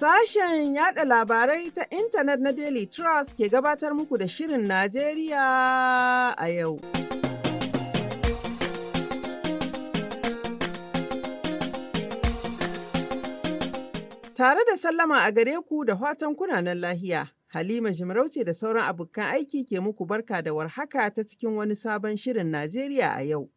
Sashen yada labarai ta intanet na Daily Trust ke gabatar muku da Shirin Najeriya a yau. Tare da sallama a gare ku da fatan kunanan lahiya, Halima Jimarauce da sauran abokan aiki ke muku barka da warhaka ta cikin wani sabon Shirin Najeriya a yau.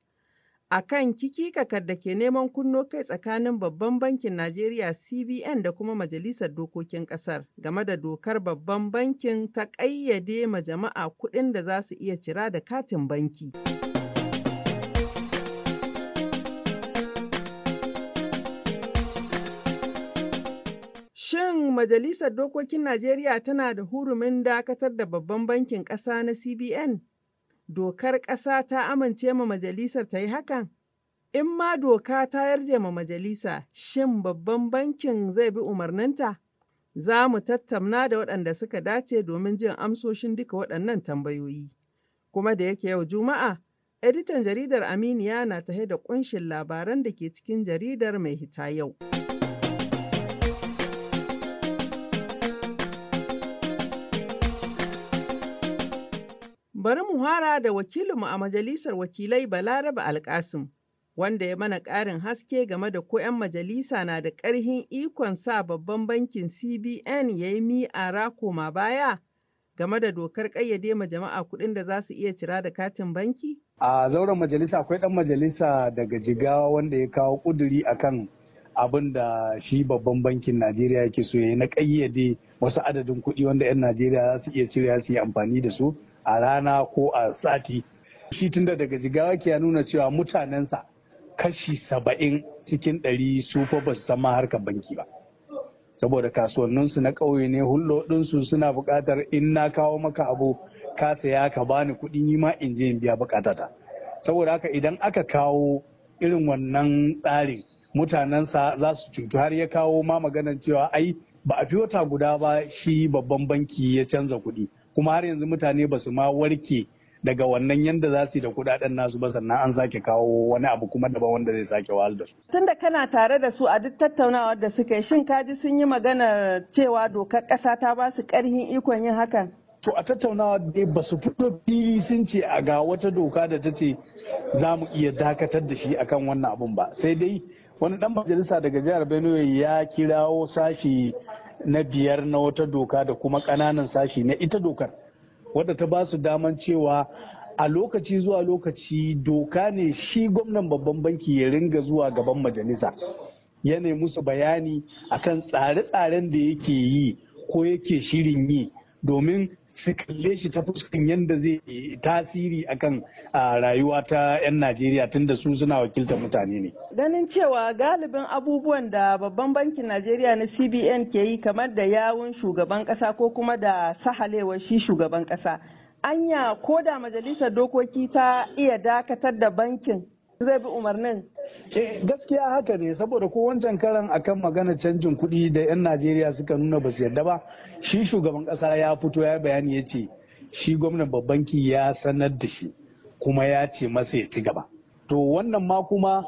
a kan kikikakar da ke neman kunno kai tsakanin Babban Bankin Najeriya CBN da kuma Majalisar Dokokin Ƙasar game da dokar Babban Bankin ta ƙayyade ma jama'a kuɗin da za su iya cira da katin banki. Shin Majalisar Dokokin Najeriya tana da hurumin dakatar da Babban Bankin Ƙasa na CBN? dokar ƙasa ta amince ma majalisar ta yi hakan? In ma doka ta yarje ma majalisa, shin babban bankin zai bi umarninta? Za mu tattauna da waɗanda suka dace domin jin amsoshin duka waɗannan tambayoyi. Kuma da yake yau Juma'a, editan jaridar Aminiya na tahe da ƙunshin labaran da ke cikin jaridar mai hita yau. Bari mu hara da wakilinmu a Majalisar Wakilai Balaraba Alkasim, wanda ya mana ƙarin haske game da ko 'yan majalisa na da ƙarhin ikon sa babban bankin CBN ya yi mi'ara koma baya game da dokar ƙayyade ma jama'a kuɗin da za su iya cira da katin banki? A zauren majalisa akwai ɗan majalisa daga jigawa wanda ya kawo ƙuduri akan abin da shi babban bankin Najeriya yake so ya yi na ƙayyade wasu adadin kuɗi wanda 'yan Najeriya za su iya cirewa su yi amfani da su a rana ko a sati shi tunda daga jigawa ke nuna cewa mutanensa kashi saba'in cikin ɗari su fa ba su san ma harkar banki ba saboda kasuwanninsu na ƙauye ne hulɗoɗinsu suna buƙatar in na kawo maka abu ka saya ka bani kuɗi ni ma in je in biya buƙatata saboda haka idan aka kawo irin wannan tsarin mutanensa za su cutu har ya kawo ma maganar cewa ai ba a fi wata guda ba shi babban banki ya canza kuɗi kuma har yanzu mutane basu ma warke daga wannan yadda za su yi da kudaden nasu ba sannan an sake kawo wani abu kuma daban wanda zai sake wahal da su. Tun da kana tare da su a duk tattaunawar da suka yi shin kaji sun yi maganar cewa dokar kasa ta ba su karhin ikon yin hakan? To a tattaunawa dai ba su fito fili sun ce a ga wata doka da ta ce za mu iya dakatar da shi akan wannan abun ba sai dai wani dan majalisa daga jihar Benue ya kirawo sashi na biyar na wata doka da kuma ƙananan sashi na ita dokar wadda ta ba su daman cewa a lokaci zuwa lokaci doka ne shi gwamnan babban banki ya ringa zuwa gaban majalisa ya nemi musu bayani akan tsare-tsaren da yake yi ko yake shirin yi domin su kalle shi ta fuskan yadda zai yi tasiri akan rayuwa ta 'yan Najeriya tunda su suna wakiltar mutane ne. Ganin cewa galibin abubuwan da babban bankin Najeriya na CBN ke yi kamar da yawun shugaban kasa ko kuma da sahalewar shi shugaban kasa. Anya ko da majalisar dokoki ta iya dakatar da bankin zai bi umarnin. Eh, gaskiya haka ne saboda ko wancan karan akan magana canjin kuɗi da 'yan Najeriya suka nuna ba su yarda ba shi shugaban ƙasa ya fito ya bayani ya ce shi gwamnan babban ki ya sanar da shi kuma ya ce masa ya ci gaba. To wannan ma kuma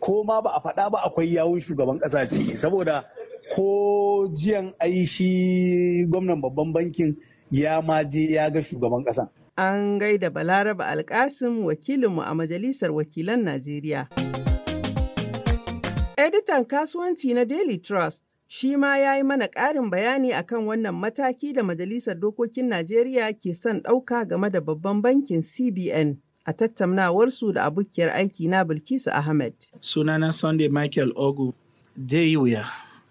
ko ma ba a faɗa ba akwai yawun shugaban ƙasa ciki saboda ko jiyan ai shi gwamnan babban bankin ya ma je ya ga shugaban ƙasa. An gaida Balaraba Alkasim wakilinmu a Majalisar Wakilan Najeriya. Editan kasuwanci na Daily Trust shi ma ya yi mana ƙarin bayani akan wannan mataki da Majalisar Dokokin Najeriya ke son ɗauka game da babban bankin CBN. a tattaunawarsu da abokiyar aiki na Bilkisu Ahmed. Sunana Sunday Michael Ogu dai wuya.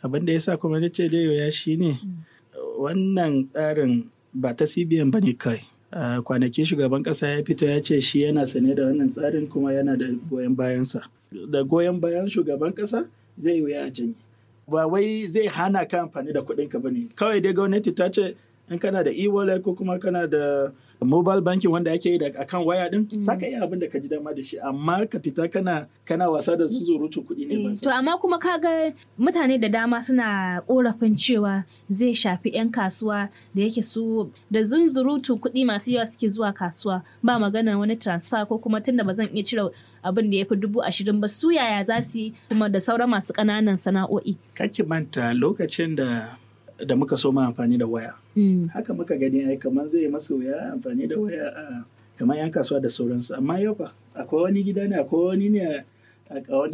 Abin da ya sa kuma ce dai wuya shine mm. wannan tsarin ba ta CBN ba ne kai. kwanakin shugaban kasa ya fito ya ce shi yana sane da wannan tsarin kuma yana da goyon bayansa da goyon bayan shugaban kasa zai wuya a janye ba wai zai hana ka amfani da kuɗinka ba ne kawai dai gwamnati ta ce in kana da e-wallet ko kuma kana da mobile banking wanda ake yi da akan waya din saka mm. iya abin da ka ji dama da shi amma ka fita kana kana wasa da zunzurutun kuɗi ne ba eh, to amma kuma ka ga mutane da dama suna korafin cewa zai shafi 'yan kasuwa da yake su da zunzurutun kuɗi masu yawa suke zuwa kasuwa ba magana wani transfer ko kuma tunda ba zan iya cire abin da ya fi dubu ashirin ba su yaya za su yi kuma da sauran masu kananan sana'o'i. Kaki manta lokacin da da muka so ma amfani da waya mm. haka muka gani ai kamar zai masa wuya amfani da waya a kamar yan kasuwa da sauransu amma yau fa akwai wani gida ne akwai wani ne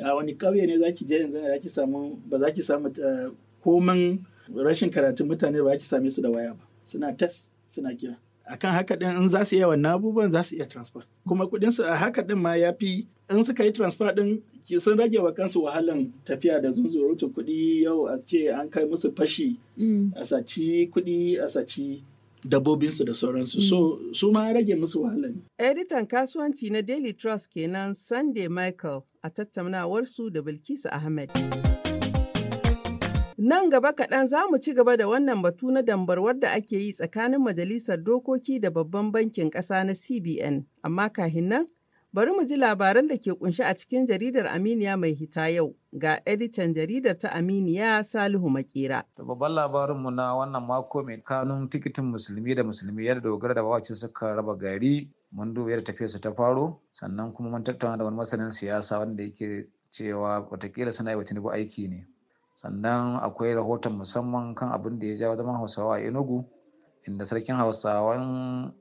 a wani ƙauye ne zaki je yanzu zaki samu ba zaki samu eh, koman rashin karatun mutane ba zaki same su da waya ba suna tes suna kira akan haka din in za su iya wannan abubuwan za su iya transfer kuma kudin su a haka din ma ya fi in suka yi transfer din sun rage wa kansu wahalan tafiya da zunzurutun kuɗi yau a ce an kai musu fashi mm. a saci kuɗi a saci dabbobinsu da sauransu so mm. su ma rage musu wahalan. editan kasuwanci na daily trust kenan sunday michael a tattaunawarsu da bilkisu ahmed. Nan gaba kaɗan za mu ci gaba da wannan batu na dambarwar da ake yi tsakanin Majalisar Dokoki da Babban Bankin Ƙasa na CBN, amma kahin nan Bari mu ji labaran da ke kunshi a cikin jaridar Aminiya mai hita yau ga editan jaridar ta Aminiya Salihu Makera. Babban labarinmu na wannan mako mai kanun tikitin musulmi da musulmi yadda dogara da bawacin suka raba gari mun duba yadda tafiyarsa ta faro sannan kuma mun tattauna da wani masanin siyasa wanda yake cewa watakila suna yi wa tinubu aiki ne sannan akwai rahoton musamman kan abin da ya ja zaman hausawa a enugu inda sarkin hausawan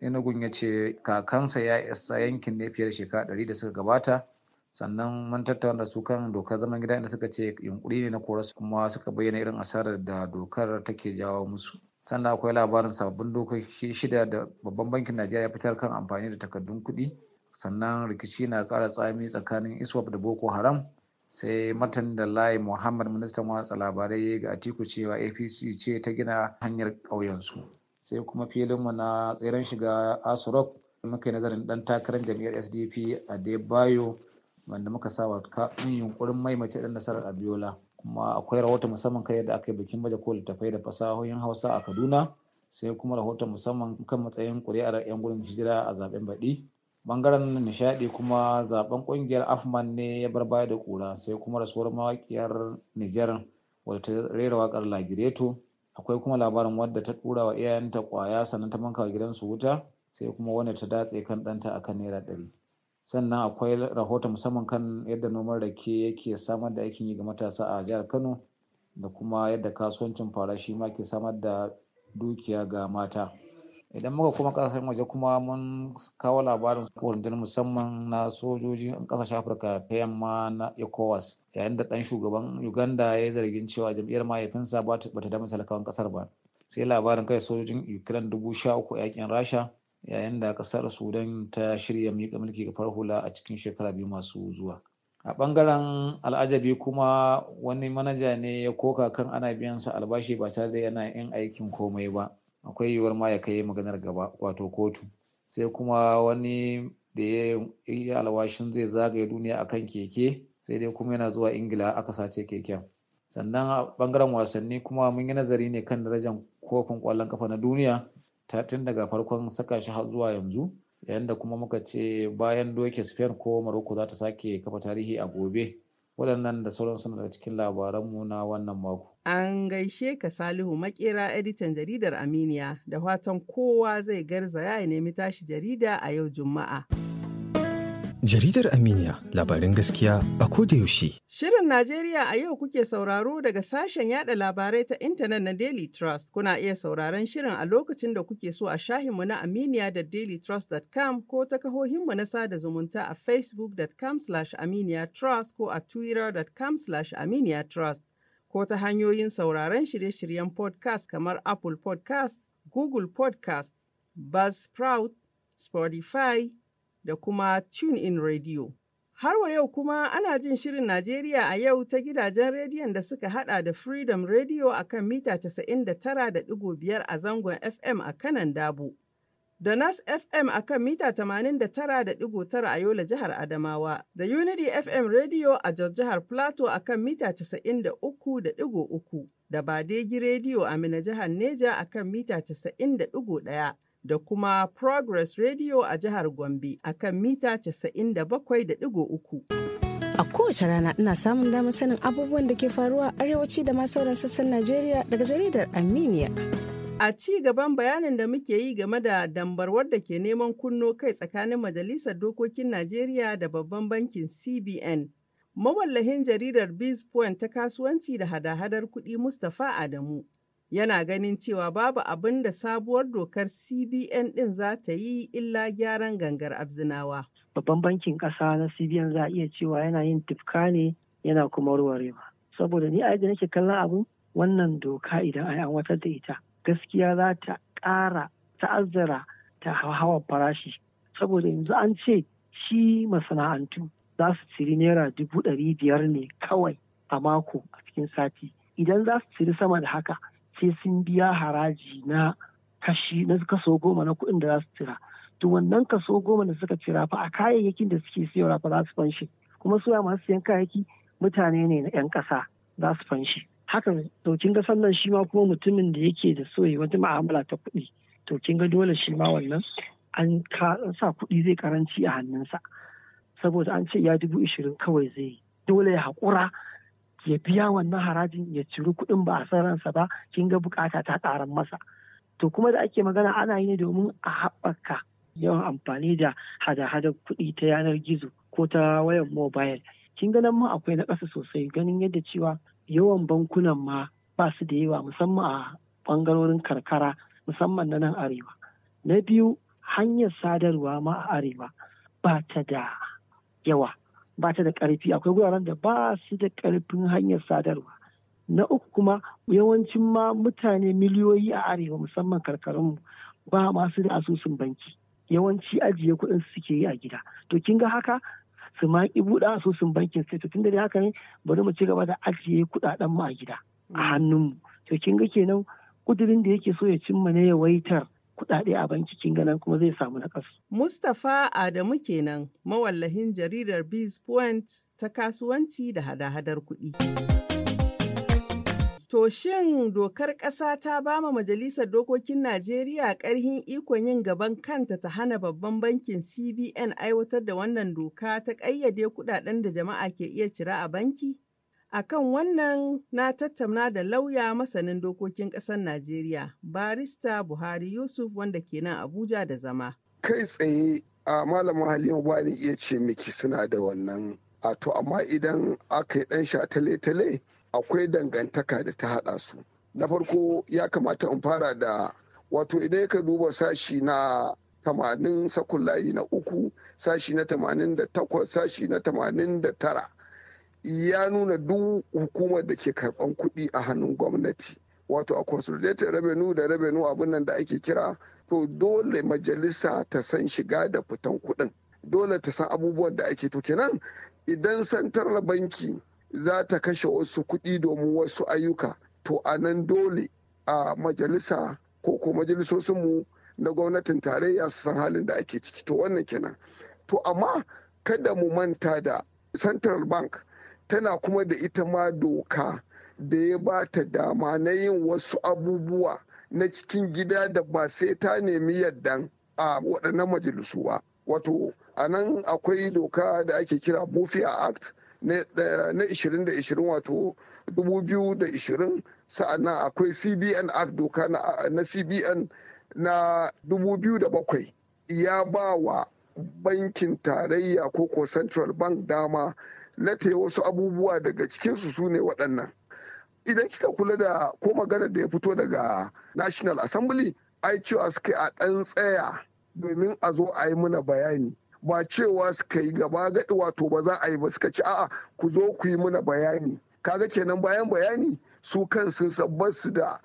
inugun ya ce kakansa ya isa yankin ne fiye da shekara ɗari da suka gabata sannan mun tattauna su kan dokar zaman gida inda suka ce yunkuri ne na korasu kuma suka bayyana irin asarar da dokar take jawo musu sannan akwai labarin sabbin dokoki shida da babban bankin najeriya ya fitar kan amfani da takardun kuɗi sannan rikici na ƙara tsami tsakanin iswap da boko haram sai matan da layi muhammad ministan watsa labarai ga atiku cewa apc ce ta gina hanyar ƙauyensu sai kuma filinmu na tseren shiga asurok muka yi nazarin dan takarar jami'ar sdp a debayo wanda muka sa wa yunkurin maimaita dan nasarar abiola kuma akwai rahoton musamman kai yadda aka yi bikin baje ko tafai da fasahohin hausa a kaduna sai kuma rahoton musamman kan matsayin ƙuri'ar 'yan gudun hijira a zaben baɗi bangaren nishaɗi kuma zaben ƙungiyar afman ne ya bar baya da ƙura sai kuma rasuwar mawakiyar niger wadda ta rera wakar lagireto akwai kuma labarin wadda ta tura wa iyayenta kwaya sannan ta gidan gidansu wuta sai kuma wanda ta datse kan ɗanta kan naira ɗari sannan akwai rahoton musamman kan yadda noman rake yake samar da aikin yi ga matasa a jihar kano da kuma yadda kasuwancin fara shi ma ke samar da dukiya ga mata idan muka kuma kasashen waje kuma mun kawo labarin rundunar musamman na sojoji a kasashen afirka ta yamma na ecowas yayin da dan shugaban uganda ya zargin cewa jam'iyyar mahaifinsa ba ta damar talakawan kasar ba sai labarin kai sojojin ukraine dubu sha uku a yakin rasha yayin da kasar sudan ta shirya miƙa mulki ga hula a cikin shekara biyu masu zuwa a bangaren al'ajabi kuma wani manaja ne ya koka kan ana biyan sa albashi ba tare da yana yin aikin komai ba akwai yiwuwar ma ya kai maganar gaba wato kotu sai kuma wani da ya yi alwashin zai zagaye duniya akan keke sai dai kuma yana zuwa ingila aka sace keken sannan a bangaren wasanni kuma mun yi nazari ne kan darajar kofin kwallon kafa na duniya ta tun daga farkon saka shi har zuwa yanzu yayin da kuma muka ce bayan doke spain ko morocco za ta sake kafa tarihi a gobe waɗannan da sauran suna daga cikin labaranmu na wannan mako. An gaishe ka Salihu Makera editan jaridar Aminiya da fatan kowa zai garza ya nemi tashi jarida a yau Juma'a. Jaridar Aminiya labarin gaskiya a yaushe. Shirin Najeriya a yau kuke sauraro daga sashen yada labarai ta intanet na Daily Trust. Kuna iya sauraron shirin a lokacin da kuke so a shahinmu na Aminiya da dailytrust.com ko ta kahohinmu na sada zumunta a facebook.com aminiyatrust ko a twitter.com aminiyatrust ko ta hanyoyin sauraron shirye-shiryen podcast kamar Apple podcast, Google podcast, Buzzsprout, Spotify, da kuma tune in Radio. Har wa yau kuma ana jin Shirin Najeriya a yau ta gidajen rediyon da suka hada da Freedom Radio a kan mita 99.5 a zangon FM a kanan Dabo. Da Nas FM a kan mita 89.9 a Yola jihar Adamawa, da Unity FM Radio a jihar Plateau a kan mita 93.3, da Badegi Radio a Mina jihar Neja a kan mita 91. da kuma Progress Radio a jihar Gombe a kan mita 97.3. A kowace rana ina samun damar sanin abubuwan da ke faruwa arewaci da ma sauran sassan Najeriya daga jaridar Armenia. A ci gaban bayanin da muke yi game da dambarwar da ke neman kunno kai tsakanin Majalisar Dokokin Najeriya da Babban Bankin CBN. Mawallahin jaridar Bizpoint ta kasuwanci da hada-hadar kuɗi Mustapha Adamu yana ganin cewa babu abin da sabuwar dokar CBN ɗin za ta yi illa gyaran gangar abzinawa. Babban bankin ƙasa na CBN za a iya cewa yana yin tifka ne yana kuma ruwarewa Saboda ni a nake kallon abu wannan doka idan an watar da ita gaskiya za ta ƙara ta'azzara ta hawa farashi. Saboda yanzu an ce shi masana'antu za su ciri naira dubu ɗari biyar ne kawai a mako a cikin sati. Idan za su ciri sama da haka sai sun biya haraji na kashi na kaso goma na kuɗin da za su cira to wannan kaso goma da suka cira fa a kayayyakin da suke siyarwa fa za su fanshi kuma su masu siyan kayayyaki mutane ne na 'yan ƙasa za su fanshi haka to kin ga sannan shi ma kuma mutumin da yake da so wata ma'amala ta kuɗi to kin ga dole shi ma wannan an sa kuɗi zai karanci a hannunsa saboda an ce ya dubu ishirin kawai zai yi dole ya haƙura ya biya wannan harajin ya ciri kuɗin ba a san ransa ba kin ga bukata ta ƙaran masa to kuma da ake magana ana yi ne domin a haɓaka yawan amfani da hada hadar kuɗi ta yanar gizo ko ta wayar mobile kin ga nan ma akwai na ƙasa sosai ganin yadda cewa yawan bankunan ma ba su da yawa musamman a ɓangarorin karkara musamman na nan arewa na biyu hanyar sadarwa ma a arewa ba ta da yawa ba ta da ƙarfi akwai wuraren da ba su da ƙarfin hanyar sadarwa na uku kuma yawancin ma mutane miliyoyi a arewa musamman karkarun ba masu da asusun banki yawanci ajiye kuɗin suke yi a gida to kin ga haka su ma ki buɗe asusun bankin sai to tunda dai haka ne bari mu ci gaba da ajiye kuɗaɗen mu a gida a mm. hannun mu to kin ga kenan kudirin da yake so ya cimma ne yawaitar kuɗaɗe a banki kin ganin kuma zai samu na kasu. Mustapha Adamu kenan mawallahin jaridar Biz Point ta kasuwanci da hada-hadar kuɗi. To shin dokar ƙasa ta ba ma Majalisar Dokokin Najeriya ƙarhin ikon yin gaban kanta ta hana babban bankin CBN aiwatar da wannan doka ta ƙayyade kuɗaɗen da jama'a ke iya cira a banki? Akan wannan na tattauna da lauya masanin dokokin ƙasar Najeriya, barista Buhari Yusuf wanda ke nan Abuja da zama. Kai tsaye a malama Halima ba iya ce miki suna da wannan. A to amma idan aka yi ɗan shatale-tale akwai dangantaka da ta haɗa su. Na farko ya kamata in fara da wato idan ka duba sashi na tamanin sakulayi na uku sashi na tamanin da takwas sashi na tamanin da tara ya nuna duk hukumar da ke karban kuɗi a hannun gwamnati wato a consolidated revenue da revenue abin nan da ake kira to dole majalisa ta san shiga da fitan kuɗin dole ta san abubuwan da ake to kenan idan central banki za ta kashe wasu kuɗi domin wasu ayyuka to a nan dole a majalisa ko ko majalisosinmu na gwamnatin tarayya su san halin da ake ciki to wannan kenan to amma kada mu manta da central bank tana kuma da ita ma doka da ya ba ta dama na yin wasu abubuwa na cikin gida da ba sai ta nemi yaddan a waɗannan majalisu ba wato a nan akwai doka da ake kira bufia act na 2020 wato 2020 sa'annan akwai cbn act doka na cbn na 2007 ya ba wa bankin tarayya ko central bank dama na taya wasu abubuwa daga cikinsu su ne waɗannan idan kika kula da ko magana da ya fito daga national assembly ai cewa suka a ɗan tsaya domin a zo a yi mana bayani ba cewa suka yi gaba gaɗi wato ba za a yi ba suka ci a'a ku zo ku yi mana bayani kaga kenan bayan bayani su kan sun sabbar su da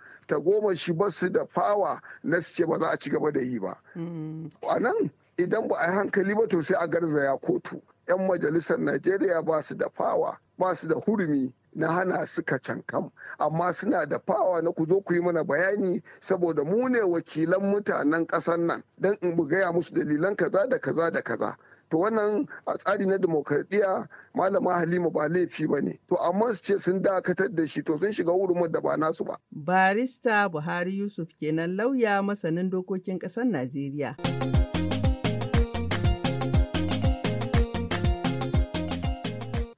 shi ba su da fawa na su ce ba za a ci gaba da yi ba mm. a nan idan ba a yi hankali ba to sai a garzaya kotu 'yan majalisar najeriya ba su da fawa ba su da hurumi na hana su cankam amma suna da fawa na ku zo ku yi mana bayani saboda mu ne wakilan mutanen kasan nan don in gaya musu dalilan kaza da kaza da kaza to wannan a tsari na demokradiyya malama halima ba laifi ba ne to amma su ce sun dakatar da shi to sun shiga hurumin da ba nasu ba barista buhari yusuf kenan lauya masanin dokokin ƙasar najeriya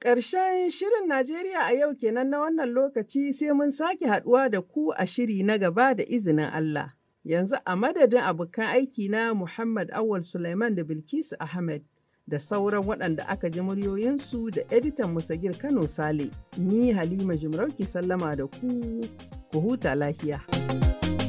Ƙarshen shirin Najeriya a yau kenan na wannan lokaci sai mun sake haɗuwa da ku a shiri na gaba da izinin Allah. Yanzu a madadin abokan aiki na Muhammad Awal suleiman da Bilkisu Ahmed da sauran waɗanda aka ji muryoyinsu da editan Musagir Kano Sale, ni Halima Jimarauki sallama da ku, ku huta lafiya.